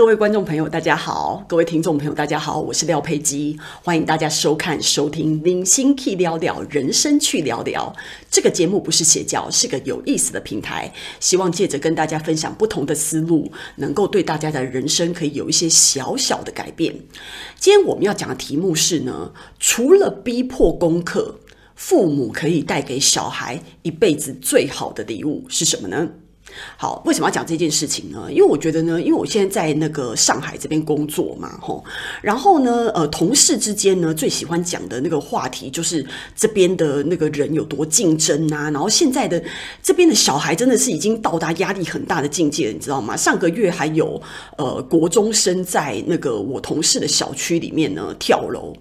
各位觀眾朋友，大家好；各位聽眾朋友，大家好，我是廖佩姬，歡迎大家收看、收聽《您星去聊聊人生去聊聊》這個節目，不是邪教，是個有意思的平台。希望借着跟大家分享不同的思路，能夠對大家的人生可以有一些小小的改變。今天我們要講的題目是呢，除了逼迫功課，父母可以帶給小孩一輩子最好的禮物是什麼呢？好，為什麼要講這件事情呢？因為我覺得呢，因為我現在在那個上海這邊工作嘛，吼，然後呢，呃，同事之間呢，最喜歡講的那個話題就是這邊的那個人有多競爭啊，然後現在的這邊的小孩真的是已經到達壓力很大的境界了，你知道嗎？上個月還有呃，國中生在那個我同事的小區裡面呢，跳樓，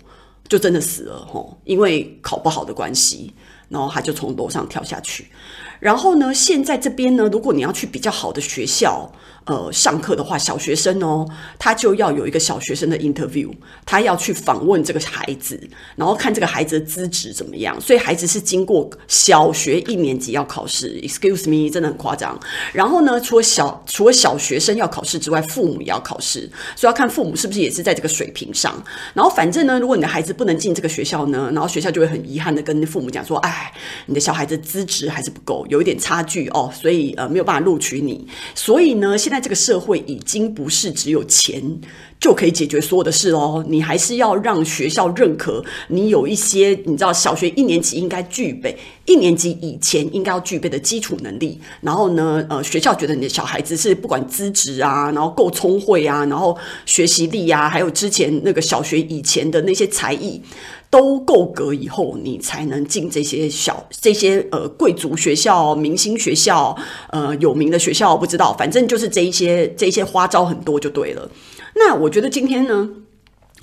就真的死了，吼，因為考不好的關係，然後他就從樓上跳下去。然後呢，現在這邊呢，如果你要去比較好的學校，呃，上課的話，小學生哦，他就要有一個小學生的 interview，他要去訪問這個孩子，然後看這個孩子的資質怎麼樣。所以孩子是經過小學一年級要考試，excuse me，真的很誇張。然後呢，除了小除了小學生要考試之外，父母也要考試，所以要看父母是不是也是在這個水平上。然後反正呢，如果你的孩子不能進這個學校呢，然後學校就會很遺憾的跟父母講說，哎，你的小孩子資質還是不夠。有一點差距哦，所以呃沒有辦法錄取你。所以呢，現在這個社會已經不是只有錢就可以解決所有的事哦，你還是要讓學校認可你有一些你知道小學一年級應該具備，一年級以前應該要具備的基礎能力。然後呢，呃，學校覺得你的小孩子是不管資質啊，然後夠聰慧啊，然後學習力啊，還有之前那個小學以前的那些才藝。都夠格以後，你才能進這些小、這些呃貴族學校、明星學校、呃有名的學校。不知道，反正就是這一些、這一些花招很多就對了。那我覺得今天呢？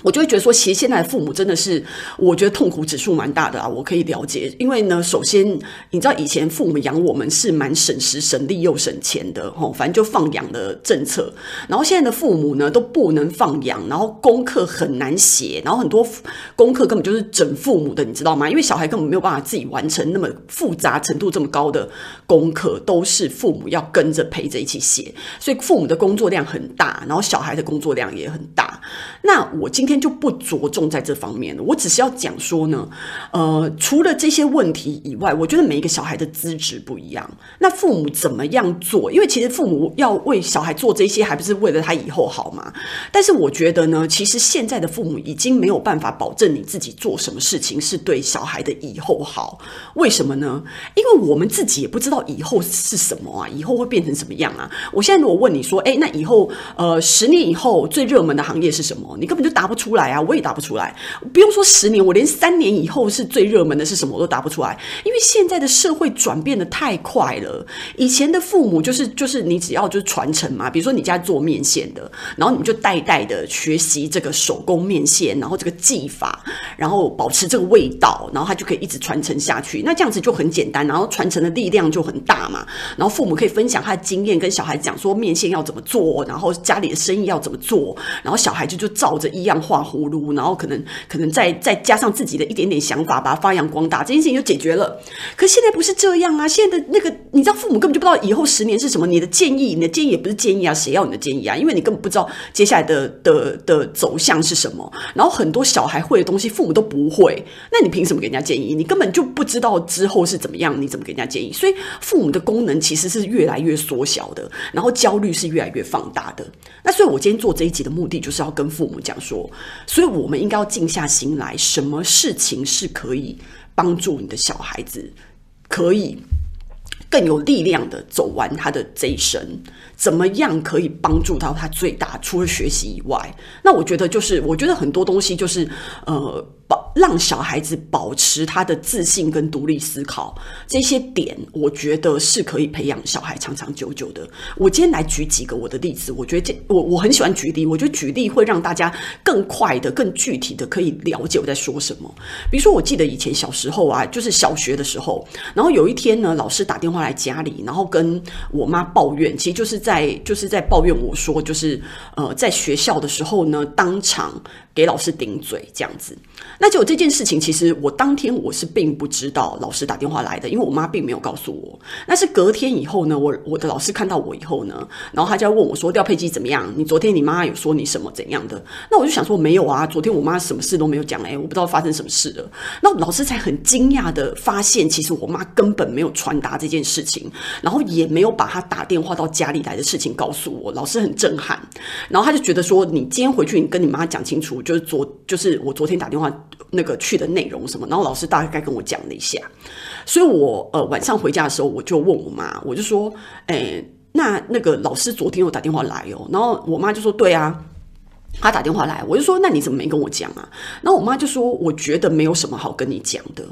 我就會覺得說，其實現在的父母真的是，我覺得痛苦指數蠻大的啊！我可以了解，因為呢，首先你知道以前父母養我們是蠻省時省力又省錢的，哦，反正就放養的政策。然後現在的父母呢都不能放養，然後功課很難寫，然後很多功課根本就是整父母的，你知道嗎？因為小孩根本沒有辦法自己完成那麼複雜程度這麼高的功課，都是父母要跟着陪着一起寫，所以父母的工作量很大，然後小孩的工作量也很大。那我今今天就不着重在這方面了。我只是要講說呢，呃，除了這些問題以外，我覺得每一個小孩的資質不一樣，那父母怎麼樣做？因為其實父母要為小孩做這些，還不是為了他以後好嗎？但是我覺得呢，其實現在的父母已經沒有辦法保證你自己做什麼事情是對小孩的以後好。為什麼呢？因為我們自己也不知道以後是什麼啊，以後會變成什麼樣啊？我現在如果問你說，哎，那以後，呃，十年以後最熱門的行業是什麼？你根本就答不。出來啊！我也答不出來。不用說十年，我連三年以後是最熱門的是什麼我都答不出來。因為現在的社會轉變得太快了。以前的父母就是就是你只要就是傳承嘛，比如說你家做面線的，然後你就代代的學習這個手工面線，然後這個技法，然後保持這個味道，然後它就可以一直傳承下去。那這樣子就很簡單，然後傳承的力量就很大嘛。然後父母可以分享他的經驗，跟小孩講說面線要怎麼做，然後家裡的生意要怎麼做，然後小孩就就照着一樣。畫葫蘆，然後可能可能再再加上自己的一點點想法，把它發揚光大，這件事情就解決了。可現在不是這樣啊！現在的那個，你知道，父母根本就不知道以後十年是什麼。你的建議，你的建議也不是建議啊，誰要你的建議啊？因為你根本不知道接下來的的的走向是什麼。然後很多小孩會的東西，父母都不會。那你憑什麼給人家建議？你根本就不知道之後是怎麼樣，你怎麼給人家建議？所以父母的功能其實是越來越縮小的，然後焦慮是越來越放大的。那所以，我今天做這一集的目的，就是要跟父母講說，所以，我們應該要靜下心來，什麼事情是可以幫助你的小孩子，可以更有力量的走完他的這一生？怎麼樣可以幫助到他最大？除了學習以外，那我覺得就是，我覺得很多東西就是，呃。保讓小孩子保持他的自信跟獨立思考，這些點我覺得是可以培養小孩長長久久的。我今天來舉幾個我的例子，我覺得這我我很喜歡舉例，我覺得舉例會讓大家更快的、更具體的可以了解我在說什麼。比如說，我記得以前小時候啊，就是小學的時候，然後有一天呢，老師打電話來家裡，然後跟我媽抱怨，其實就是在就是在抱怨我說，就是呃，在學校的時候呢，當場。給老師頂嘴這樣子，那就這件事情。其實我當天我是並不知道老師打電話來的，因為我媽並沒有告訴我。那是隔天以後呢，我我的老師看到我以後呢，然後他就要問我說：“廖佩琪怎麼樣？你昨天你媽有說你什麼怎樣的？”那我就想說：“沒有啊，昨天我媽什麼事都沒有講。哎”誒，我不知道發生什麼事了。那老師才很驚訝地發現，其實我媽根本沒有傳達這件事情，然後也沒有把她打電話到家裡來的事情告訴我。老師很震撼，然後他就覺得說：“你今天回去，你跟你媽講清楚。”就是昨，就是我昨天打電話那個去的內容什麼，然後老師大概跟我講了一下，所以我呃晚上回家的時候，我就問我媽，我就說，哎，那那個老師昨天有打電話來哦，然後我媽就說，對啊。他打電話來，我就說：“那你怎麼沒跟我講啊？”那我媽就說：“我覺得沒有什麼好跟你講的。”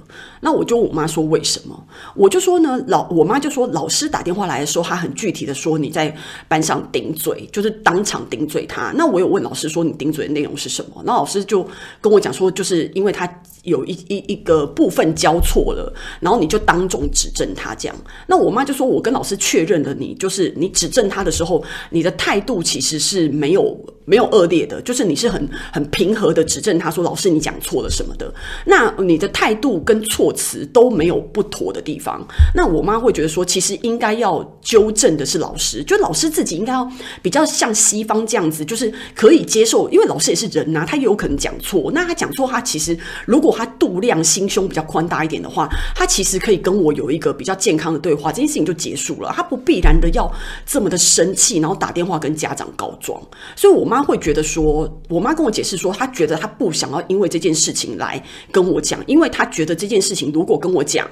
那我就我媽說：“為什麼？”我就說呢，老我媽就說：“老師打電話來的時候，她很具體的說你在班上頂嘴，就是當場頂嘴她。”那我有問老師說你頂嘴的內容是什麼？那老師就跟我講說，就是因為她。有一一一個部分教錯了，然後你就當眾指正他這樣。那我媽就說：“我跟老師確認了你，你就是你指正他的時候，你的態度其實是沒有沒有惡劣的，就是你是很很平和的指正他，說老師你講錯了什麼的。那你的態度跟措辭都沒有不妥的地方。那我媽會覺得說，其實應該要糾正的是老師，就老師自己應該要比較像西方這樣子，就是可以接受，因為老師也是人吶、啊，他也有可能講錯。那他講錯，他其實如果他度量心胸比較寬大一點的話，他其實可以跟我有一個比較健康的對話，這件事情就結束了。他不必然的要這麼的生氣，然後打電話跟家長告狀。所以我媽會覺得說，我媽跟我解釋說，她覺得她不想要因為這件事情來跟我講，因為她覺得這件事情如果跟我講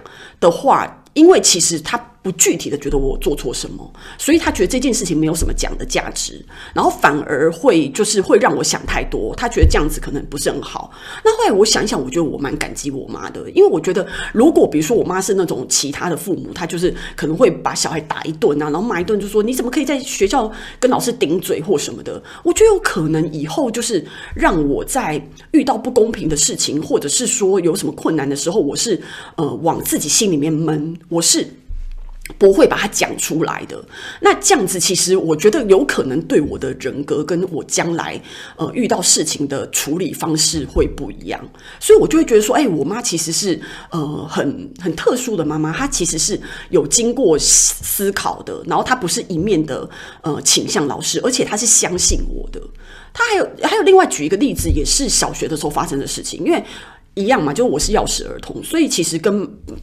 的話，因為其實她。不具體的覺得我做錯什麼，所以他覺得這件事情沒有什麼講的價值，然後反而會就是會讓我想太多。他覺得這樣子可能不是很好。那後來我想一想，我覺得我蠻感激我媽的，因為我覺得如果比如說我媽是那種其他的父母，他就是可能會把小孩打一頓啊，然後罵一頓，就說你怎麼可以在學校跟老師頂嘴或什麼的。我覺得有可能以後就是讓我在遇到不公平的事情，或者是說有什麼困難的時候，我是呃往自己心裡面悶，我是。不會把它講出來的。那這樣子，其實我覺得有可能對我的人格跟我將來呃遇到事情的處理方式會不一樣。所以我就會覺得說，誒、欸，我媽其實是呃很很特殊的媽媽，她其實是有經過思考的，然後她不是一面的呃傾向老師，而且她是相信我的。她還有還有另外舉一個例子，也是小學的時候發生的事情，因為。一樣嘛，就我是鑰匙兒童，所以其實跟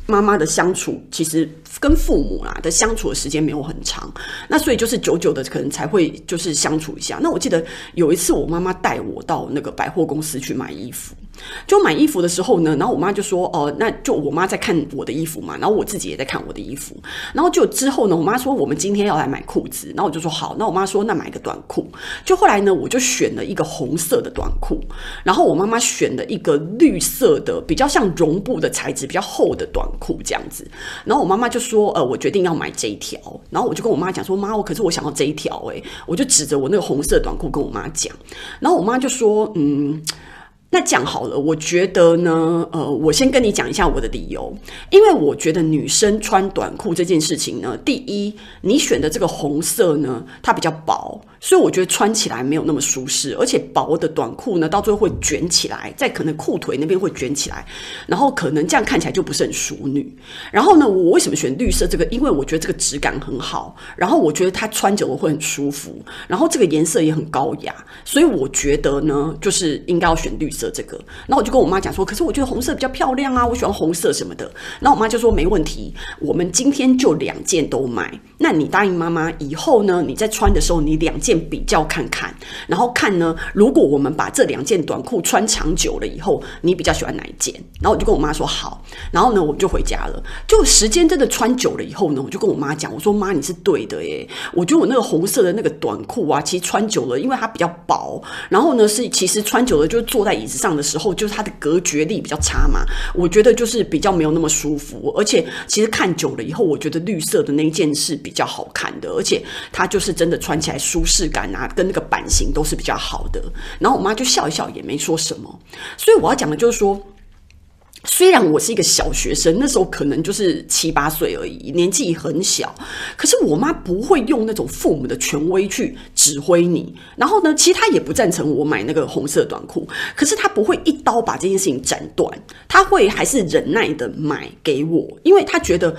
媽媽的相處，其實跟父母啊的相處的時間沒有很長，那所以就是久久的可能才會就是相處一下。那我記得有一次我媽媽帶我到那個百貨公司去買衣服，就買衣服的時候呢，然後我媽就說，哦、呃，那就我媽在看我的衣服嘛，然後我自己也在看我的衣服，然後就之後呢，我媽說我們今天要來買褲子，然後我就說好，那我媽說那買個短褲，就後來呢，我就選了一個紅色的短褲，然後我媽媽選了一個綠色色的比較像絨布的材質，比較厚的短褲這樣子。然後我媽媽就說：“呃，我決定要買這一條。”然後我就跟我媽講說：“媽，我可是我想要這一條誒、欸。”我就指着我那個紅色短褲跟我媽講。然後我媽就說：“嗯，那講好了，我覺得呢，呃，我先跟你講一下我的理由，因為我覺得女生穿短褲這件事情呢，第一，你選的這個紅色呢，它比較薄。”所以我覺得穿起來沒有那麼舒適，而且薄的短褲呢，到最後會捲起來，再可能褲腿那邊會捲起來，然後可能這樣看起來就不是很淑女。然後呢，我為什麼選綠色這個？因為我覺得這個質感很好，然後我覺得它穿着我會很舒服，然後這個顏色也很高雅，所以我覺得呢，就是應該要選綠色這個。然後我就跟我媽講說，可是我覺得紅色比較漂亮啊，我喜歡紅色什麼的。然後我媽就說沒問題，我們今天就兩件都買。那你答應媽媽以後呢，你在穿的時候你兩件。比較看看，然後看呢，如果我們把這兩件短褲穿長久了以後，你比較喜歡哪一件？然後我就跟我媽說好，然後呢，我就回家了。就時間真的穿久了以後呢，我就跟我媽講，我說，媽你是對的耶。我覺得我那個紅色的那個短褲啊，其實穿久了，因為它比較薄，然後呢是其實穿久了就是坐在椅子上的時候，就是它的隔絕力比較差嘛。我覺得就是比較沒有那麼舒服，而且其實看久了以後，我覺得綠色的那一件是比較好看的，而且它就是真的穿起來舒適。質感啊，跟那個版型都是比較好的。然後我媽就笑一笑，也沒說什麼。所以我要講的就是說，雖然我是一個小學生，那時候可能就是七八歲而已，年紀很小，可是我媽不會用那種父母的權威去指揮你。然後呢，其實她也不贊成我買那個紅色短褲，可是她不會一刀把這件事情斬斷，她會還是忍耐的買給我，因為她覺得。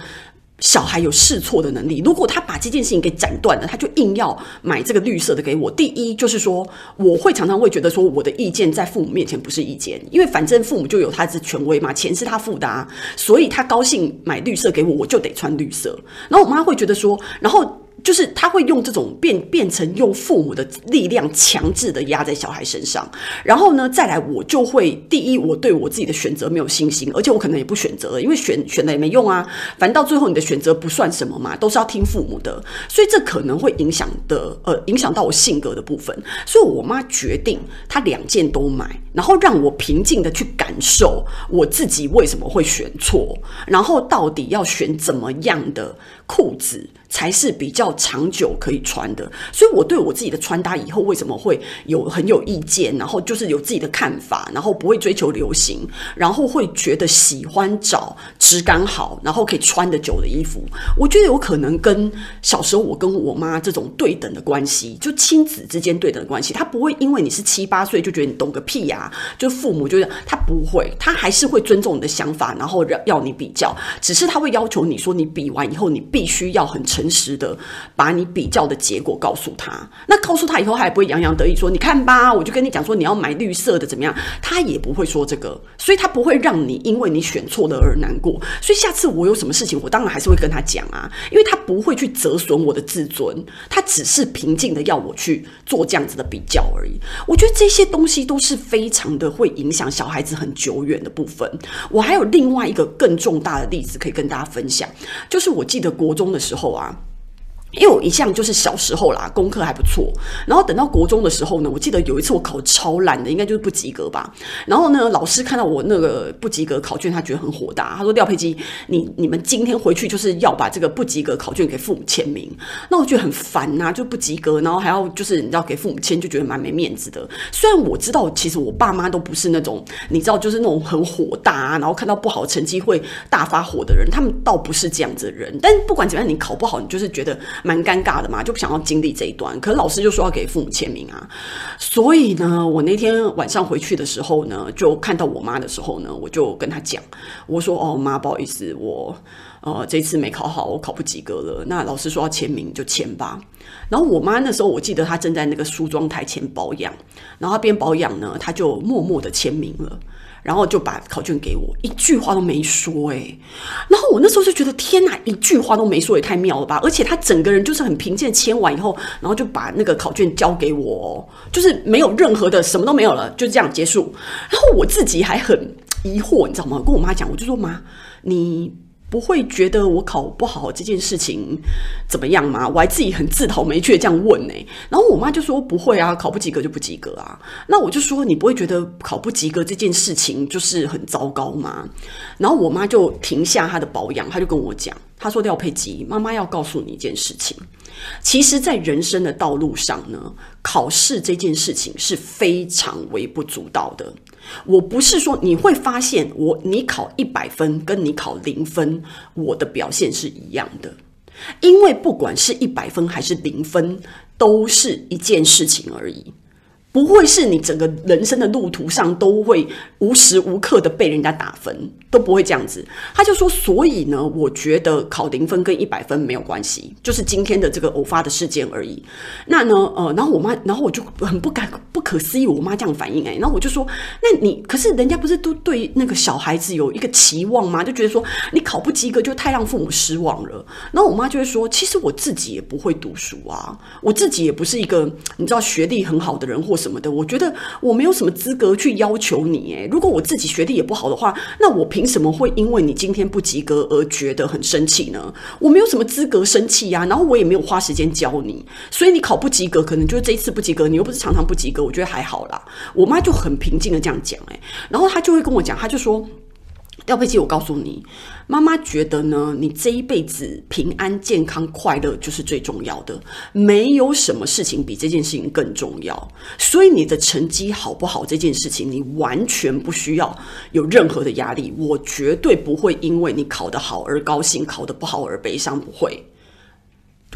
小孩有試錯的能力，如果他把這件事情給斬斷了，他就硬要買這個綠色的給我。第一就是說，我會常常會覺得說，我的意見在父母面前不是意見，因為反正父母就有他的權威嘛，錢是他付的啊，所以他高興買綠色給我，我就得穿綠色。然後我媽會覺得說，然後。就是他會用這種變變成用父母的力量強制的壓在小孩身上，然後呢，再來我就會，第一，我對我自己的選擇沒有信心，而且我可能也不選擇了，因為選選了也沒用啊，反正到最後你的選擇不算什麼嘛，都是要聽父母的，所以這可能會影響的呃影響到我性格的部分，所以我媽決定她兩件都買，然後讓我平靜的去感受我自己為什麼會選錯，然後到底要選怎麼樣的。褲子才是比較長久可以穿的，所以我對我自己的穿搭以後為什麼會有很有意見，然後就是有自己的看法，然後不會追求流行，然後會覺得喜歡找質感好，然後可以穿得久的衣服。我覺得有可能跟小時候我跟我媽這種對等的關係，就親子之間對等的關係，他不會因為你是七八歲就覺得你懂個屁呀、啊，就父母就是他不會，他還是會尊重你的想法，然後要要你比較，只是他會要求你說你比完以後你必必須要很誠實的把你比較的結果告訴他，那告訴他以後，他也不會洋洋得意說：“你看吧，我就跟你講說你要買綠色的怎麼樣？”他也不會說這個，所以他不會讓你因為你選錯了而難過。所以下次我有什麼事情，我當然還是會跟他講啊，因為他不會去折損我的自尊，他只是平靜的要我去做這樣子的比較而已。我覺得這些東西都是非常的會影響小孩子很久遠的部分。我還有另外一個更重大的例子可以跟大家分享，就是我記得國。高中的時候啊。因為我一向就是小時候啦，功課還不錯。然後等到國中的時候呢，我記得有一次我考超爛的，應該就是不及格吧。然後呢，老師看到我那個不及格考卷，他覺得很火大，他說：“廖佩奇，你你們今天回去就是要把這個不及格考卷給父母簽名。”那我覺得很煩啊，就不及格，然後還要就是你知道給父母簽，就覺得蠻沒面子的。雖然我知道其實我爸媽都不是那種你知道就是那種很火大啊，然後看到不好成績會大發火的人，他們倒不是這樣子的人。但不管怎麼樣，你考不好，你就是覺得。蠻尷尬的嘛，就不想要經歷這一段。可老師就說要給父母簽名啊，所以呢，我那天晚上回去的時候呢，就看到我媽的時候呢，我就跟她講，我說：“哦，媽，不好意思，我呃這次沒考好，我考不及格了。那老師說要簽名就簽吧。”然後我媽那時候我記得她正在那個梳妝台前保養，然後她邊保養呢，她就默默的簽名了。然後就把考卷給我，一句話都沒說哎，然後我那時候就覺得天哪，一句話都沒說也太妙了吧！而且他整個人就是很平靜的簽完以後，然後就把那個考卷交給我，就是沒有任何的，什麼都沒有了，就這樣結束。然後我自己還很疑惑，你知道嗎？跟我媽講，我就說媽，你。不會覺得我考不好這件事情怎麼樣嗎？我還自己很自討沒趣這樣問呢、欸。然後我媽就說不會啊，考不及格就不及格啊。那我就說，你不會覺得考不及格這件事情就是很糟糕嗎？然後我媽就停下她的保養，她就跟我講。他說：“廖佩吉，媽媽要告訴你一件事情，其實，在人生的道路上呢，考試這件事情是非常微不足道的。我不是說你會發現我，我你考一百分，跟你考零分，我的表現是一樣的，因為不管是一百分還是零分，都是一件事情而已。”不會是你整個人生的路途上都會無時無刻的被人家打分，都不會這樣子。他就說，所以呢，我覺得考零分跟一百分沒有關係，就是今天的這個偶發的事件而已。那呢，呃，然後我媽，然後我就很不敢，不可思議，我媽這樣反應哎、欸。然後我就說，那你可是人家不是都對那個小孩子有一個期望嗎？就覺得說你考不及格就太讓父母失望了。然後我媽就會說，其實我自己也不會讀書啊，我自己也不是一個你知道學歷很好的人或。什麼的？我覺得我沒有什麼資格去要求你誒，如果我自己學歷也不好的話，那我憑什麼會因為你今天不及格而覺得很生氣呢？我沒有什麼資格生氣呀、啊。然後我也沒有花時間教你，所以你考不及格，可能就是這一次不及格。你又不是常常不及格，我覺得還好啦。我媽就很平靜地這樣講誒，然後她就會跟我講，她就說。廖佩琪，我告訴你，媽媽覺得呢，你這一輩子平安、健康、快樂就是最重要的，沒有什麼事情比這件事情更重要。所以你的成績好不好這件事情，你完全不需要有任何的壓力。我絕對不會因為你考得好而高興，考得不好而悲傷。不會，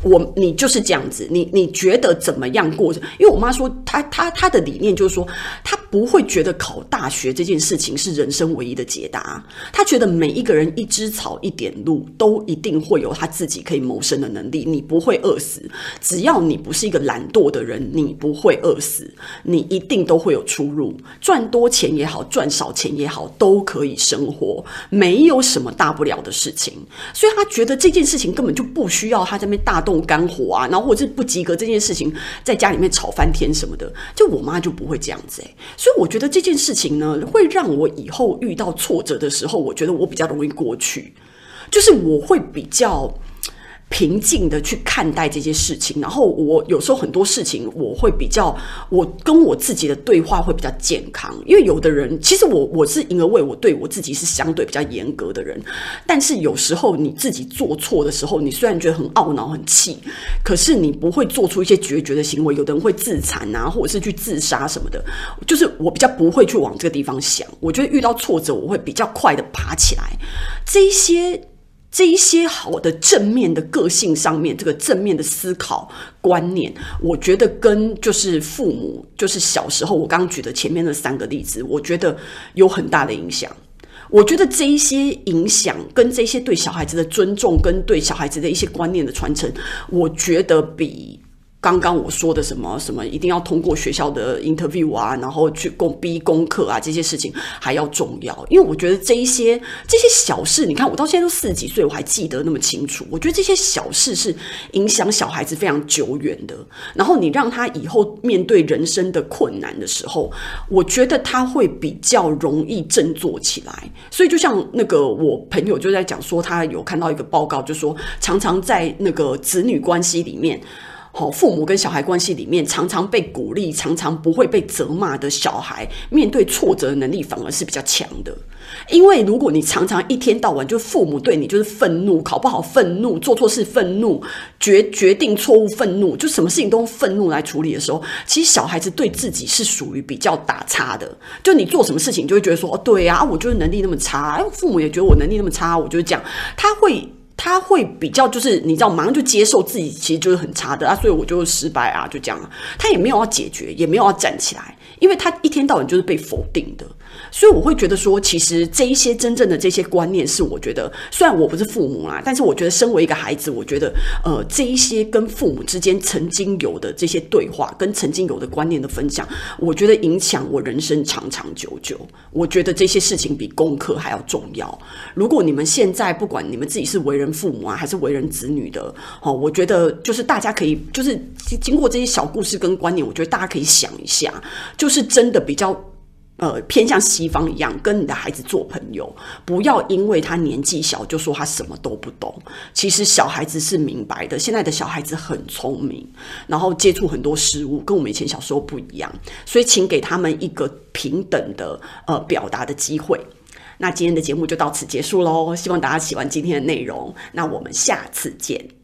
我你就是這樣子，你你覺得怎麼樣過着？因為我媽說，她她她的理念就是說，她。不會覺得考大學這件事情是人生唯一的解答。他覺得每一個人一枝草一點露，都一定會有他自己可以謀生的能力。你不會餓死，只要你不是一個懶惰的人，你不會餓死，你一定都會有出路。賺多錢也好，賺少錢也好，都可以生活，沒有什麼大不了的事情。所以他覺得這件事情根本就不需要他在那邊大動肝火啊，然後或者是不及格這件事情在家裡面吵翻天什麼的。就我媽就不會這樣子，哎所以我覺得這件事情呢，會讓我以後遇到挫折的時候，我覺得我比較容易過去，就是我會比較，平靜的去看待這些事情，然後我有時候很多事情我會比較，我跟我自己的對話會比較健康，因為有的人其實我我是因為我對我自己是相對比較嚴格的人，但是有時候你自己做錯的時候，你雖然覺得很懊惱、很氣，可是你不會做出一些決絕的行為，有的人會自殘啊，或者是去自殺什麼的，就是我比較不會去往這個地方想，我覺得遇到挫折我會比較快的爬起來，這一些。這一些好的正面的個性上面，這個正面的思考觀念，我覺得跟就是父母，就是小時候我剛舉的前面的三個例子，我覺得有很大的影響。我覺得這一些影響跟這些對小孩子的尊重，跟對小孩子的一些觀念的傳承，我覺得比，剛剛我說的什麼什麼一定要通過學校的 interview 啊，然後去逼迫功課啊這些事情還要重要，因為我覺得這一些這些小事，你看我到現在都四十幾歲，我還記得那麼清楚。我覺得這些小事是影響小孩子非常久遠的。然後你讓他以後面對人生的困難的時候，我覺得他會比較容易振作起來。所以就像那個我朋友就在講說，他有看到一個報告，就說常常在那個子女關係裡面。好，父母跟小孩關係裡面，常常被鼓勵，常常不會被責罵的小孩，面對挫折的能力反而是比較強的。因為如果你常常一天到晚就父母對你就是憤怒，考不好憤怒，做錯事憤怒，決決定錯誤憤怒，就什麼事情都用憤怒來處理的時候，其實小孩子對自己是屬於比較打叉的。就你做什麼事情，就會覺得說，哦，對呀，啊，我就是能力那麼差，父母也覺得我能力那麼差，我就是這樣，他會。他會比較就是你知道，馬上就接受自己其實就是很差的啊，所以我就失敗啊，就這樣。他也沒有要解決，也沒有要站起來，因為他一天到晚就是被否定的。所以我會覺得說，其實這一些真正的這些觀念是，我覺得雖然我不是父母啦、啊，但是我覺得身為一個孩子，我覺得呃這一些跟父母之間曾經有的這些對話，跟曾經有的觀念的分享，我覺得影響我人生長長久久。我覺得這些事情比功課還要重要。如果你們現在不管你們自己是為人父母啊，還是為人子女的，好，我覺得就是大家可以就是經過這些小故事跟觀念，我覺得大家可以想一下，就是真的比較。呃，偏向西方一樣，跟你的孩子做朋友，不要因為他年紀小就說他什麼都不懂。其實小孩子是明白的，現在的小孩子很聰明，然後接觸很多事物，跟我們以前小時候不一樣。所以，請給他們一個平等的，呃，表達的機會。那今天的節目就到此結束嘍，希望大家喜歡今天的內容。那我們下次見。